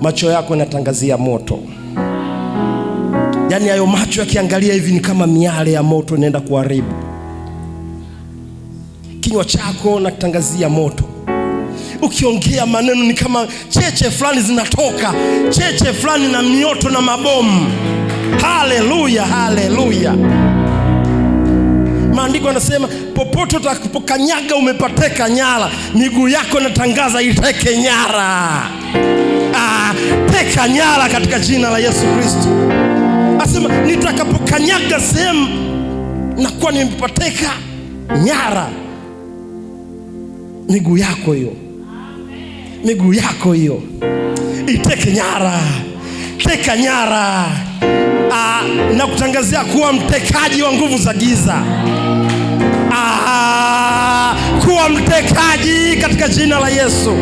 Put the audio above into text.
macho yako yanatangazia moto. Yaani hayo macho yakiangalia hivi ni kama miale ya moto inaenda kuharibu. Kinywa chako nakitangazia moto. Ukiongea maneno ni kama cheche fulani zinatoka, cheche fulani na mioto na mabomu. Haleluya, haleluya. Maandiko yanasema popote utakapokanyaga umepateka nyara, miguu yako natangaza iteke nyara. Kanyala katika jina la Yesu Kristo. Asema nitakapokanyaga sehemu nakuwa nimepateka nyara miguu yako hiyo, miguu yako hiyo iteke nyara, teka nyara. Aa, ah, na kutangazia kuwa mtekaji wa nguvu za giza. Aa, ah, kuwa mtekaji katika jina la Yesu.